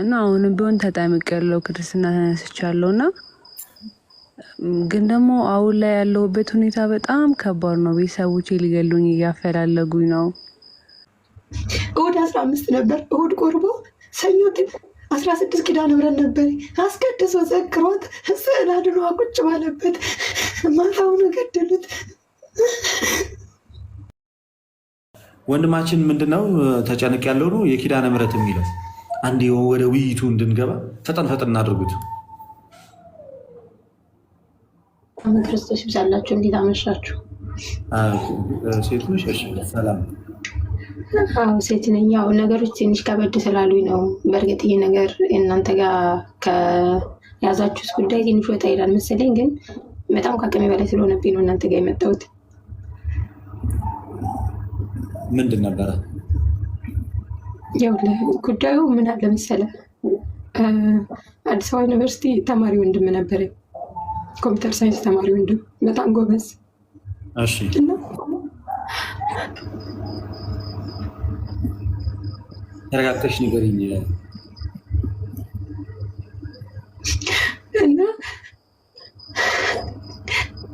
እና አሁንም ቢሆን ተጠምቅ ያለው ክርስትና ተነስቻለሁ እና ግን ደግሞ አሁን ላይ ያለሁበት ሁኔታ በጣም ከባድ ነው። ቤተሰቦቼ ሊገሉኝ እያፈላለጉኝ ነው። እሁድ አስራ አምስት ነበር እሁድ ቆርቦ ሰኞ ግን አስራ ስድስት ኪዳነ ምሕረት ነበር አስቀድሶ ዘክሮት ስዕል አድኖ ቁጭ ባለበት ማታውን ገደሉት። ወንድማችን ምንድነው ተጨንቅ ያለው ነው የኪዳነ ምሕረት የሚለው አንዴ ወደ ውይይቱ እንድንገባ ፈጠን ፈጠን እናድርጉት። ክርስቶስ ይብዛላችሁ። እንዴት አመሻችሁ? ሴት ነሽ? ሴት ነኝ። ያው ነገሮች ትንሽ ከበድ ስላሉኝ ነው። በእርግጥ ይህ ነገር እናንተ ጋር ከያዛችሁት ጉዳይ ትንሽ ወጣ ይላል መሰለኝ፣ ግን በጣም ከአቅሜ በላይ ስለሆነብኝ ነው እናንተ ጋር የመጣሁት። ምንድን ነበረ ይኸውልህ ጉዳዩ ምን አለ መሰለህ፣ አዲስ አበባ ዩኒቨርሲቲ ተማሪ ወንድም ነበረ፣ ኮምፒውተር ሳይንስ ተማሪ ወንድም፣ በጣም ጎበዝ። ተረጋግተሽ ንገሪኝ። እና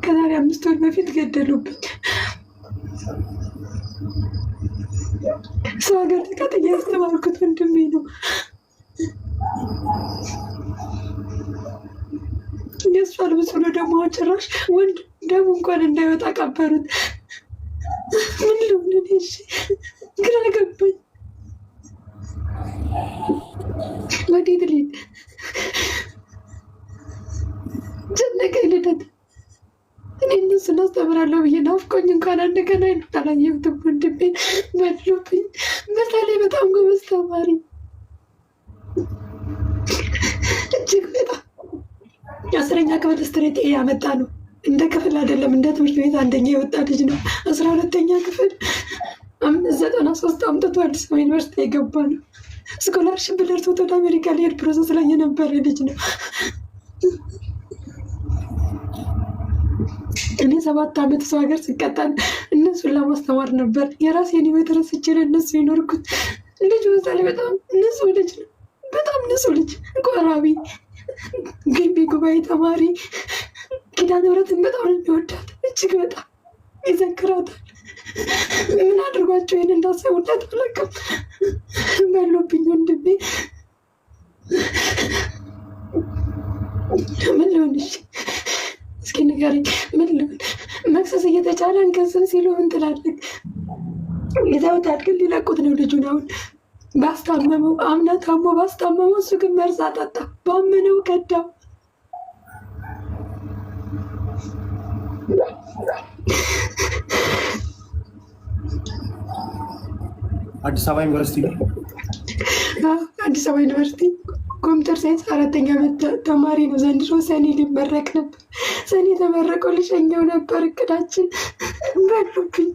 ከዛሬ አምስት ወር በፊት ገደሉብ bloody delete. ጨነቀኝ ልደት። እኔ እነሱን አስተምራለሁ ብዬ ናፍቆኝ እንኳን አንድ ቀን አይነት አላየሁትም። ወንድሜን በድሎብኝ። በተለይ በጣም ጎበዝ ተማሪ እጅግ በጣም አስረኛ ክፍል ስትሬት ኤ ያመጣ ነው። እንደ ክፍል አይደለም እንደ ትምህርት ቤት አንደኛ የወጣ ልጅ ነው። አስራ ሁለተኛ ክፍል ዘጠና ሶስት አምጥቶ አዲስ አበባ ዩኒቨርሲቲ የገባ ነው። ስኮላርሽፕ ደርሶት ወደ አሜሪካ ሊሄድ ፕሮሰስ ላይ የነበረ ልጅ ነው። እኔ ሰባት ዓመት ሰው ሀገር ስቀጠል እነሱን ለማስተማር ነበር የራሴን ሕይወት ረስቼ እነሱ የኖርኩት ልጅ ምሳሌ በጣም ንጹህ ልጅ ነው። በጣም ንጹህ ልጅ ቆራቢ፣ ግቢ ጉባኤ ተማሪ ኪዳነ ምሕረትን በጣም ነው የሚወዳት። እጅግ በጣም ይዘክራታል። ምን አድርጓቸው ይህን እንዳሰቡለት አለቀም በሎብኝ ወንድሜ ምን ሊሆን እሺ እስኪ ንገሪኝ ምን ሊሆን መክሰስ እየተቻለ እንከስም ሲሉ ምን ትላለህ የተውታል ግን ሊለቁት ነው ልጁን አሁን ባስታመመው አምና ታሞ ባስታመመው እሱ ግን መርዝ አጠጣ ባመነው ከዳው። አዲስ አበባ ዩኒቨርሲቲ አዲስ አበባ ዩኒቨርሲቲ ኮምፒውተር ሳይንስ አራተኛ ዓመት ተማሪ ነው። ዘንድሮ ሰኔ ሊመረቅ ነበር። ሰኔ ተመረቀው ልሸኘው ነበር። እቅዳችን በሉብኝ።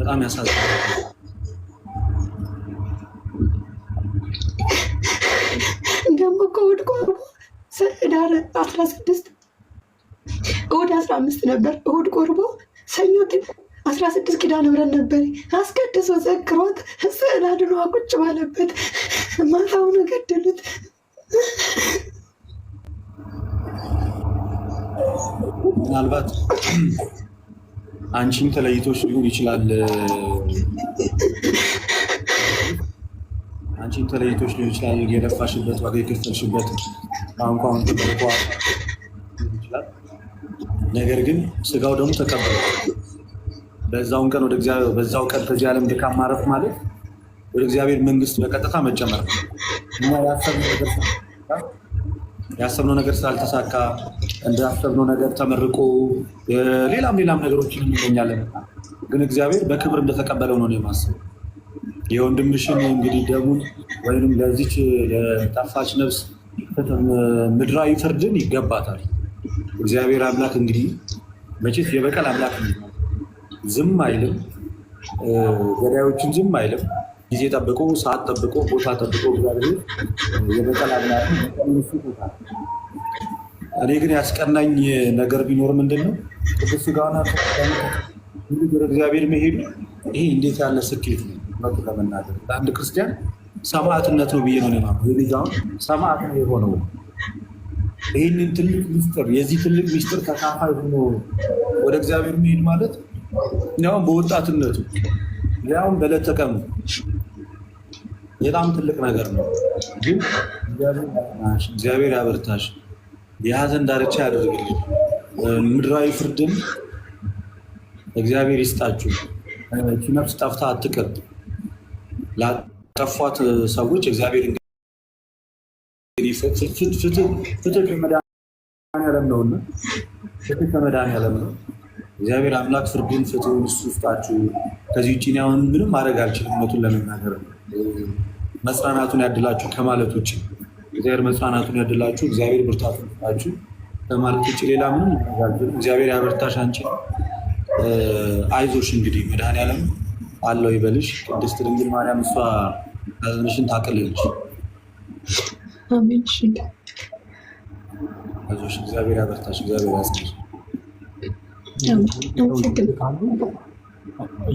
በጣም ያሳዝናል። አስራ ስድስት እሁድ አስራ አምስት ነበር። እሁድ ቆርቦ ሰኞ ግን አስራ ስድስት ኪዳነ ምሕረት ነበር። አስቀድሶ ዘክሮት ስዕል አድኖ ቁጭ ባለበት ማታውን ገደሉት። ምናልባት አንቺም ተለይቶች ሊሆን ይችላል። አንቺም ተለይቶች ሊሆን ይችላል። የለፋሽበት ዋጋ የከፈልሽበት ቋንቋውን ተጠልቋ ይችላል። ነገር ግን ስጋው ደግሞ ተቀበለ። በዛውን ቀን ወደ እግዚአብሔር በዛው ቀን ከዚህ ዓለም ድካም ማረፍ ማለት ወደ እግዚአብሔር መንግስት በቀጥታ መጨመር ያሰብነው ነገር ስላልተሳካ እንዳሰብነው ነገር ተመርቆ ሌላም ሌላም ነገሮችን እንገኛለን። ግን እግዚአብሔር በክብር እንደተቀበለው ነው የማስበው። የወንድምሽን እንግዲህ ደሙን ወይም ለዚች ለጠፋች ነፍስ ምድራዊ ፍርድን ይገባታል። እግዚአብሔር አምላክ እንግዲህ መቼት የበቀል አምላክ ዝም አይልም፣ ገዳዮችን ዝም አይልም። ጊዜ ጠብቆ፣ ሰዓት ጠብቆ፣ ቦታ ጠብቆ እግዚአብሔር የበቀል አምላክ እኔ ግን ያስቀናኝ ነገር ቢኖር ምንድን ነው ቅዱስ ስጋውና እግዚአብሔር መሄዱ። ይሄ እንዴት ያለ ስኬት ነው! ለመናገር ለአንድ ክርስቲያን ሰማዕትነት ነው ብዬ ነው ማ ሰማዕት ነው የሆነው። ይህንን ትልቅ ሚስጥር የዚህ ትልቅ ሚስጥር ተካፋይ ሆኖ ወደ እግዚአብሔር መሄድ ማለት ያውም በወጣትነቱ ያውም በዕለት በጣም ትልቅ ነገር ነው። ግን እግዚአብሔር ያበርታሽ፣ የሀዘን ዳርቻ ያደርግልሽ፣ ምድራዊ ፍርድን እግዚአብሔር ይስጣችሁ። ነፍስ ጠፍታ አትቅር ጠፏት ሰዎች እግዚአብሔር ፍትህ ከመድኃኒዓለም ነውና ፍትህ ከመድኃኒዓለም ነው። እግዚአብሔር አምላክ ፍርዱን ፍትሁን እሱ ውስጣችሁ። ከዚህ ውጭ አሁን ምንም ማድረግ አልችልም። እውነቱን ለመናገር መጽናናቱን ያድላችሁ ከማለት ውጭ እግዚአብሔር መጽናናቱን ያድላችሁ፣ እግዚአብሔር ብርታቱን ከማለት ውጭ ሌላ ምንም እግዚአብሔር ያበርታሽ አንቺ አይዞሽ እንግዲህ መድኃኒዓለም አለው ይበልሽ። ቅድስት ድንግል ማርያም እሷ ሽን ታቅልልሽ። እግዚአብሔር ያበርታሽ። እግዚአብሔር ያስልሽ።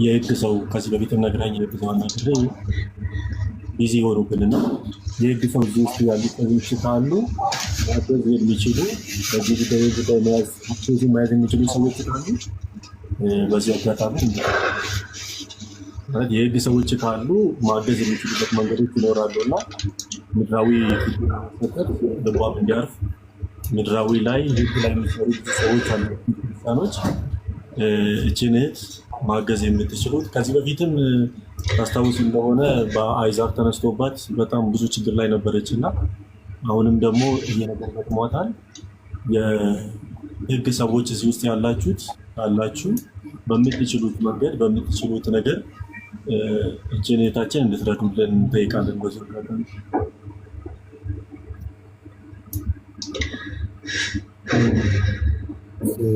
የህግ ሰው ከዚህ በፊት ነግራኝ የህግ ሰው አናግረኝ ቢዚ ይሆኑብንና የህግ ሰው እዚህ ውስጥ ያሉ ሰዎች ካሉ ማገዝ የሚችሉ በዚህ ጉዳይ ጉዳይ መያዝ መያዝ የሚችሉ ሰዎች ካሉ በዚህ አጋጣሚ የህግ ሰዎች ካሉ ማገዝ የሚችሉበት መንገዶች ይኖራሉ እና ምድራዊ ሰጠት ልቧም እንዲያርፍ ምድራዊ ላይ ህግ ላይ የሚሰሩ ሰዎች አሉ። ክርስቲያኖች እችን እህት ማገዝ የምትችሉት ከዚህ በፊትም ታስታውስ እንደሆነ በአይዛር ተነስቶባት በጣም ብዙ ችግር ላይ ነበረች እና አሁንም ደግሞ እየነገር ገጥሟታል። የህግ ሰዎች እዚህ ውስጥ ያላችሁት ያላችሁ በምትችሉት መንገድ በምትችሉት ነገር እጅኔታችን እንድትረዱም ብለን እንጠይቃለን። በዚህ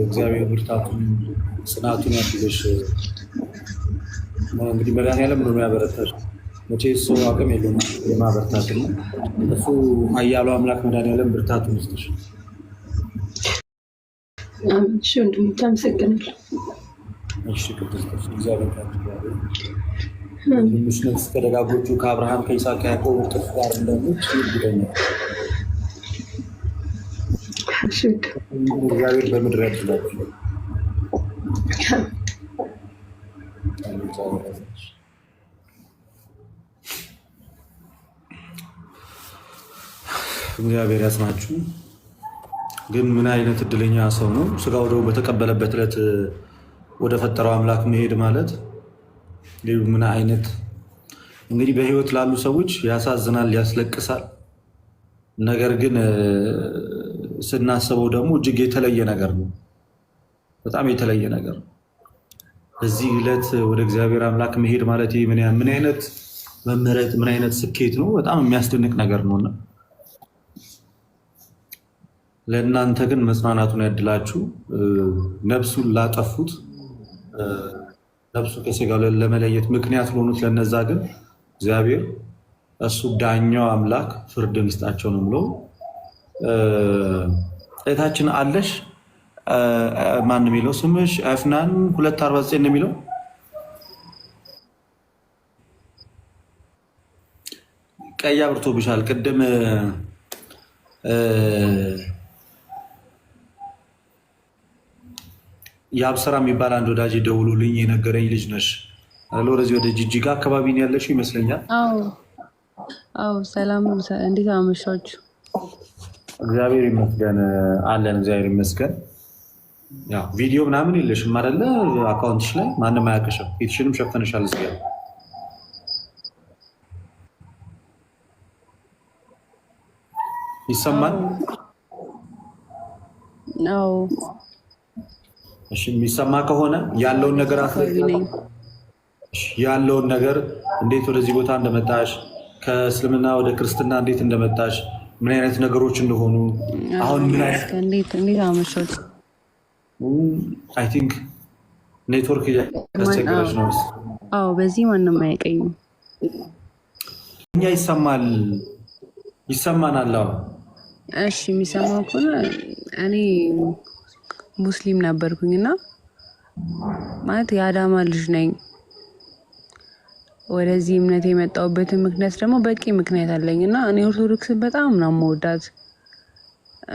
እግዚአብሔር ብርታቱን ጽናቱን ያድልሽ። እንግዲህ መድኃኒዓለም ነው የሚያበረታሽ። መቼ ሰው አቅም የለውም የማበርታት ነው። እሱ ኃያሉ አምላክ መድኃኒዓለም ብርታቱን ይስጥሽ። ወንድሞች አመሰግናለሁ። እሺ ቅድስት እግዚአብሔር ትንሽ ነፍስ ከደጋጎቹ ከአብርሃም ከይስሐቅ ከያዕቆብ እጥፍ ጋር እንደሙት ይርግደኛል። እግዚአብሔር በምድር ያድላችሁ። እግዚአብሔር ያጽናችሁ። ግን ምን አይነት እድለኛ ሰው ነው ስጋ ወደው በተቀበለበት ዕለት ወደ ፈጠረው አምላክ መሄድ ማለት ምን አይነት እንግዲህ በህይወት ላሉ ሰዎች ያሳዝናል፣ ያስለቅሳል። ነገር ግን ስናስበው ደግሞ እጅግ የተለየ ነገር ነው። በጣም የተለየ ነገር ነው። በዚህ ዕለት ወደ እግዚአብሔር አምላክ መሄድ ማለት ምን አይነት መመረጥ፣ ምን አይነት ስኬት ነው! በጣም የሚያስደንቅ ነገር እና ለእናንተ ግን መጽናናቱን ያድላችሁ ነፍሱን ላጠፉት ነፍሱ ከስጋው ለመለየት ምክንያት ለሆኑት ለነዛ ግን እግዚአብሔር እሱ ዳኛው አምላክ ፍርድን ይስጣቸው ነው ብሎ እህታችን አለሽ ማን የሚለው ስምሽ አፍናን ሁለት አርባ ዘጠኝ ነው የሚለው ቀይ አብርቶብሻል ቅድም የሀብ የሚባል አንድ ወዳጅ ደውሎልኝ የነገረኝ ልጅ ነሽ አለ። ወደዚህ ወደ ጅጅጋ አካባቢ ነው ያለሽው ይመስለኛል። አዎ፣ ሰላም እንዴት አመሻችሁ? እግዚአብሔር ይመስገን አለን። እግዚአብሔር ይመስገን። ቪዲዮ ምናምን የለሽም አይደለ? አካውንትሽ ላይ ማንም አያውቅሽም። ፊትሽንም ሸፍንሻል። እዚህ ጋር ይሰማል ነው እሺ የሚሰማ ከሆነ ያለውን ነገር ያለውን ነገር እንዴት ወደዚህ ቦታ እንደመጣሽ ከእስልምና ወደ ክርስትና እንዴት እንደመጣሽ ምን አይነት ነገሮች እንደሆኑ አሁን ምን አይ ቲንክ ኔትወርክ እያስቸገረች ነው። አዎ በዚህ ማንም አያውቀኝም። እኛ ይሰማል ይሰማናል። እሺ የሚሰማው ከሆነ እኔ ሙስሊም ነበርኩኝ እና ማለት የአዳማ ልጅ ነኝ። ወደዚህ እምነት የመጣሁበትን ምክንያት ደግሞ በቂ ምክንያት አለኝ እና እኔ ኦርቶዶክስን በጣም ነው መወዳት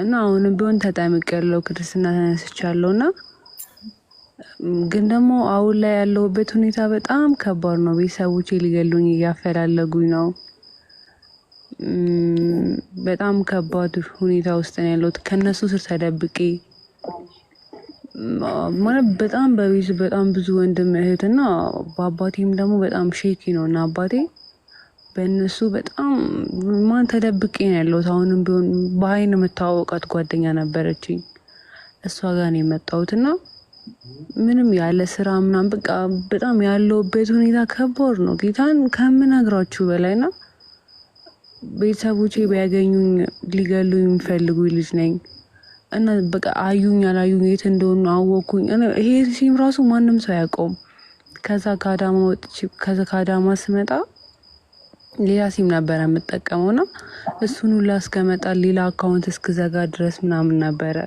እና አሁንም ቢሆን ተጠምቅ ያለው ክርስትና ተነስቻለሁ እና ግን ደግሞ አሁን ላይ ያለሁበት ሁኔታ በጣም ከባድ ነው። ቤተሰቦቼ ሊገሉኝ እያፈላለጉኝ ነው። በጣም ከባድ ሁኔታ ውስጥ ነው ያለሁት ከእነሱ ስር ተደብቄ ማለት በጣም በቤት በጣም ብዙ ወንድም እህትና በአባቴም ደግሞ በጣም ሼኪ ነው እና አባቴ በእነሱ በጣም ማን ተደብቄ ነው ያለሁት። አሁንም ቢሆን በአይን የምታወቃት ጓደኛ ነበረችኝ እሷ ጋር ነው የመጣሁት እና ምንም ያለ ስራ ምናምን በቃ በጣም ያለውበት ሁኔታ ከባድ ነው ጌታን ከምነግራችሁ በላይና ቤተሰቦቼ ቢያገኙኝ ሊገሉኝ የሚፈልጉ ልጅ ነኝ። እና በቃ አዩኝ አላዩኝ የት እንደሆኑ አወኩኝ። ይሄ ሲም ራሱ ማንም ሰው አያውቀውም። ከዛ ከአዳማ ወጥቼ ከዛ ከአዳማ ስመጣ ሌላ ሲም ነበረ የምጠቀመው እና እሱን ሁላ እስከመጣ ሌላ አካውንት እስክዘጋ ድረስ ምናምን ነበረ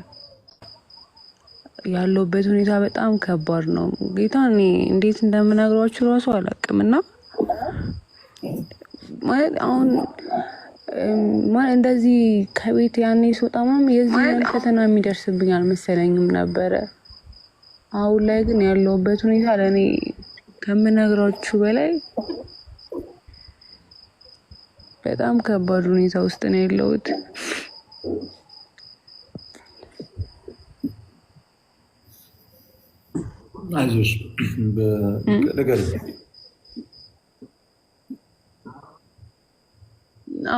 ያለውበት ሁኔታ በጣም ከባድ ነው። ጌታ እኔ እንዴት እንደምነግሯችሁ ራሱ አላውቅም እና ማለት አሁን እንደዚህ ከቤት ያኔ ስወጣ የዚህ ፈተና የሚደርስብኝ አልመሰለኝም ነበረ። አሁን ላይ ግን ያለውበት ሁኔታ ለእኔ ከምነግራችሁ በላይ በጣም ከባድ ሁኔታ ውስጥ ነው ያለሁት። አይዞሽ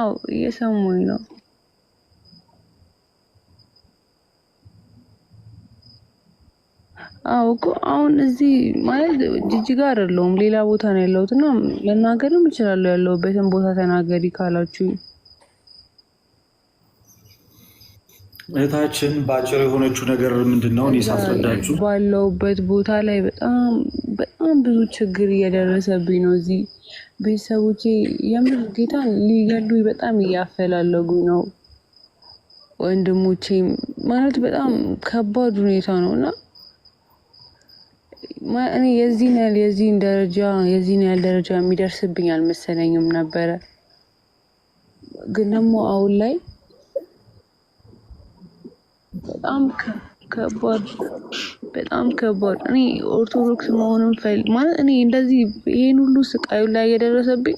አዎ እየሰሙኝ ነው። አዎ እኮ አሁን እዚህ ማለት ጅጅጋ አይደለሁም፣ ሌላ ቦታ ነው ያለሁት እና መናገርም እችላለሁ። ያለሁበትን ቦታ ተናገሪ ካላችሁ እህታችን በአጭር የሆነችው ነገር ምንድን ነው? እኔ ሳስረዳችሁ ባለሁበት ቦታ ላይ በጣም በጣም ብዙ ችግር እየደረሰብኝ ነው እዚህ ቤተሰቦቼ የምር ጌታ ሊገሉ በጣም እያፈላለጉ ነው። ወንድሞቼ ማለት በጣም ከባድ ሁኔታ ነው እና እኔ የዚህን ያህል የዚህን ደረጃ የዚህን ያህል ደረጃ የሚደርስብኝ አልመሰለኝም ነበረ። ግን ደግሞ አሁን ላይ በጣም ከባድ በጣም ከባድ። እኔ ኦርቶዶክስ መሆኑን ፈል ማለት እኔ እንደዚህ ይሄን ሁሉ ስቃዩ ላይ የደረሰብኝ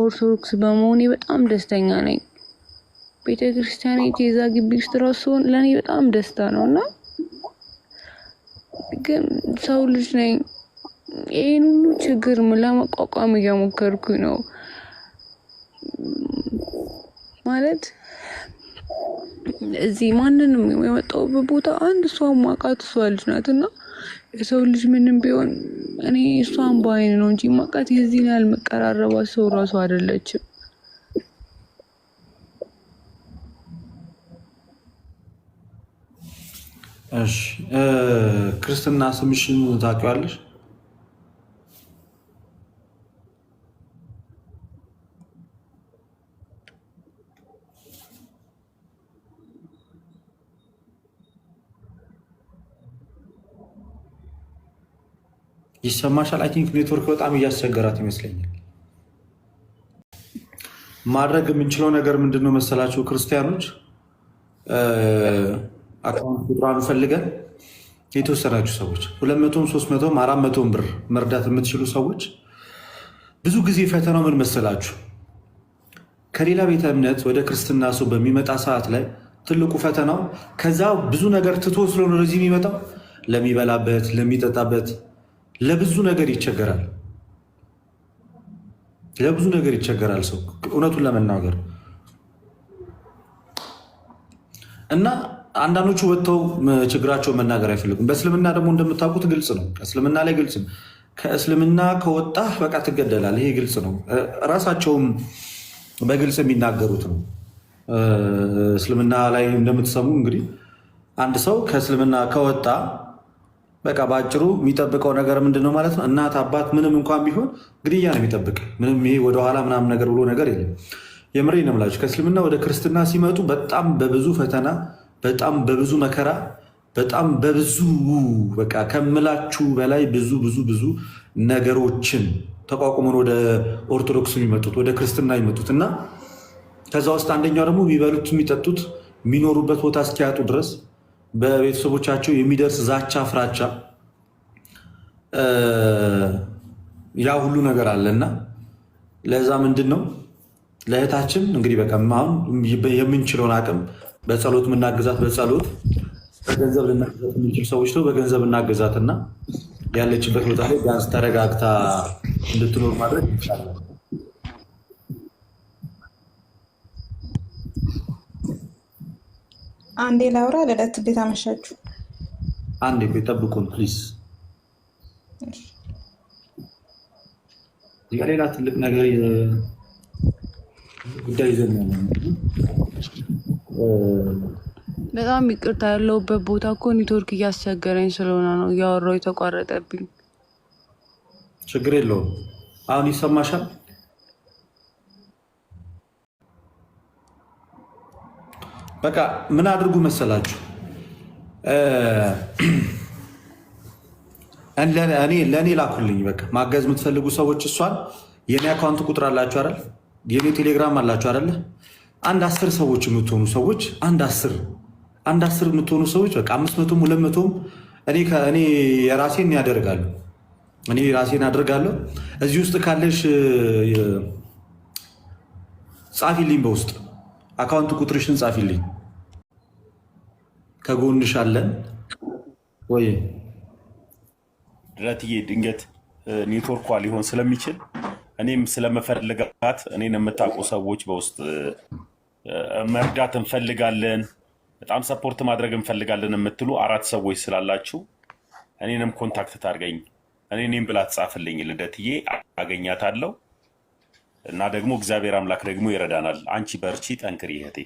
ኦርቶዶክስ በመሆኔ በጣም ደስተኛ ነኝ። ቤተ ክርስቲያን የዛ ግቢ ውስጥ ራሱ ሲሆን ለእኔ በጣም ደስታ ነው እና ግን ሰው ልጅ ነኝ። ይህን ሁሉ ችግር ለመቋቋም እየሞከርኩኝ ነው ማለት እዚህ ማንንም የመጣው ቦታ አንድ እሷ ማቃት እሷ ልጅ ናት እና የሰው ልጅ ምንም ቢሆን እኔ እሷን በአይን ነው እንጂ ማቃት የዚህን ያህል መቀራረባት ሰው ራሱ አይደለችም። እሺ ክርስትና ስምሽን ታውቂዋለሽ? ይሰማሻል? አይ ቲንክ ኔትወርክ በጣም እያስቸገራት ይመስለኛል። ማድረግ የምንችለው ነገር ምንድን ነው መሰላችሁ ክርስቲያኖች፣ አካውንት ቁጥሯን ፈልገን የተወሰናችሁ ሰዎች ሁለት መቶም ሶስት መቶም አራት መቶም ብር መርዳት የምትችሉ ሰዎች ብዙ ጊዜ ፈተናው ምን መሰላችሁ ከሌላ ቤተ እምነት ወደ ክርስትና ሰው በሚመጣ ሰዓት ላይ ትልቁ ፈተናው ከዛ ብዙ ነገር ትቶ ስለሆነ ወደዚህ የሚመጣው ለሚበላበት ለሚጠጣበት ለብዙ ነገር ይቸገራል። ለብዙ ነገር ይቸገራል ሰው እውነቱን ለመናገር እና አንዳንዶቹ ወጥተው ችግራቸውን መናገር አይፈልጉም። በእስልምና ደግሞ እንደምታውቁት ግልጽ ነው። እስልምና ላይ ግልጽ ነው። ከእስልምና ከወጣህ በቃ ትገደላል። ይሄ ግልጽ ነው። ራሳቸውም በግልጽ የሚናገሩት ነው። እስልምና ላይ እንደምትሰሙ እንግዲህ አንድ ሰው ከእስልምና ከወጣ በቃ በአጭሩ የሚጠብቀው ነገር ምንድን ነው ማለት ነው? እናት አባት ምንም እንኳን ቢሆን ግድያ ነው የሚጠብቅ። ምንም ይሄ ወደኋላ ምናምን ነገር ብሎ ነገር የለም። የምሬ ነው የምላችሁ። ከእስልምና ወደ ክርስትና ሲመጡ በጣም በብዙ ፈተና፣ በጣም በብዙ መከራ፣ በጣም በብዙ በቃ ከምላችሁ በላይ ብዙ ብዙ ብዙ ነገሮችን ተቋቁመን ወደ ኦርቶዶክስ የሚመጡት ወደ ክርስትና የሚመጡት እና ከዛ ውስጥ አንደኛው ደግሞ የሚበሉት የሚጠጡት የሚኖሩበት ቦታ እስኪያጡ ድረስ በቤተሰቦቻቸው የሚደርስ ዛቻ፣ ፍራቻ ያ ሁሉ ነገር አለና ለዛ ምንድን ነው ለእህታችን እንግዲህ በቃ አሁን የምንችለውን አቅም በጸሎት ምናገዛት በጸሎት በገንዘብ ልናገዛት የምንችል ሰዎች ነው። በገንዘብ እናገዛትና ያለችበት ቦታ ላይ ቢያንስ ተረጋግታ እንድትኖር ማድረግ ይቻላል። አንዴ ላውራ። ልደት ቤት አመሻችሁ። አንዴ ቤት ጠብቁን ፕሊዝ። ሌላ ትልቅ ነገር ጉዳይ ይዘን በጣም ይቅርታ። ያለውበት ቦታ እኮ ኔትወርክ እያስቸገረኝ ስለሆነ ነው እያወራሁ የተቋረጠብኝ። ችግር የለውም። አሁን ይሰማሻል? በቃ ምን አድርጉ መሰላችሁ? ለእኔ ላኩልኝ። በቃ ማገዝ የምትፈልጉ ሰዎች እሷን የኔ አካውንት ቁጥር አላችሁ አይደል? የኔ ቴሌግራም አላችሁ አይደለ? አንድ አስር ሰዎች የምትሆኑ ሰዎች አንድ አስር አንድ አስር የምትሆኑ ሰዎች በቃ አምስት መቶም ሁለት መቶም እኔ የራሴን ያደርጋሉ እኔ ራሴን አደርጋለሁ። እዚህ ውስጥ ካለሽ ጻፊልኝ፣ በውስጥ አካውንት ቁጥርሽን ጻፊልኝ። ከጎንሽ አለን። ወይ ድረትዬ ድንገት ኔትወርኳ ሊሆን ስለሚችል እኔም ስለመፈልጋት እኔን የምታውቁ ሰዎች በውስጥ መርዳት እንፈልጋለን፣ በጣም ሰፖርት ማድረግ እንፈልጋለን የምትሉ አራት ሰዎች ስላላችሁ እኔንም ኮንታክት ታርገኝ እኔ እኔም ብላ ትጻፍልኝ። ልደትዬ አገኛታለሁ እና ደግሞ እግዚአብሔር አምላክ ደግሞ ይረዳናል። አንቺ በርቺ፣ ጠንክሪ እህቴ።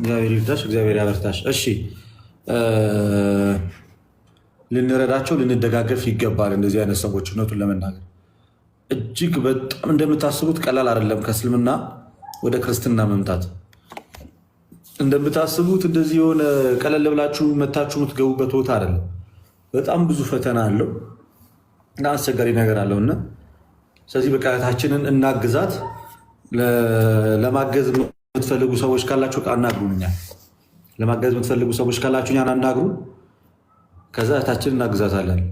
እግዚአብሔር ይርዳሽ፣ እግዚአብሔር ያበርታሽ። እሺ ልንረዳቸው ልንደጋገፍ ይገባል። እንደዚህ አይነት ሰዎች እውነቱን ለመናገር እጅግ በጣም እንደምታስቡት ቀላል አይደለም። ከእስልምና ወደ ክርስትና መምጣት እንደምታስቡት እንደዚህ የሆነ ቀለል ብላችሁ መታችሁ የምትገቡበት ቦታ አይደለም። በጣም ብዙ ፈተና አለው እና አስቸጋሪ ነገር እና ስለዚህ በቃታችንን እናግዛት ለማገዝ የምትፈልጉ ሰዎች ካላችሁ አናግሩን። ለማገዝ የምትፈልጉ ሰዎች ካላችሁ እኛን አናግሩ። ከዛ እህታችን እናግዛታለን።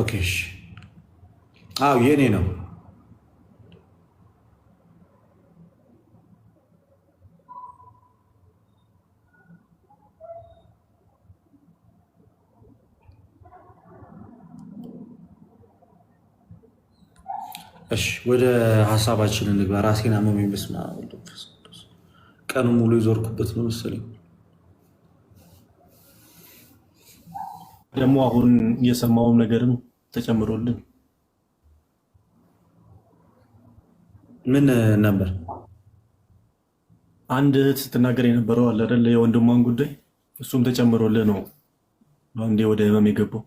ኦኬ፣ አዎ ነው። እሺ ወደ ሀሳባችን እንግባ። ራሴን አመመኝ። በስመ አብ ወወልድ ወመንፈስ ቅዱስ። ቀኑ ሙሉ የዞርኩበት ነው መሰለኝ። ደግሞ አሁን የሰማውም ነገርም ተጨምሮልን ምን ነበር አንድ እህት ስትናገር የነበረው አለ አይደል? የወንድሟን ጉዳይ እሱም ተጨምሮልህ ነው በአንዴ ወደ ህመም የገባው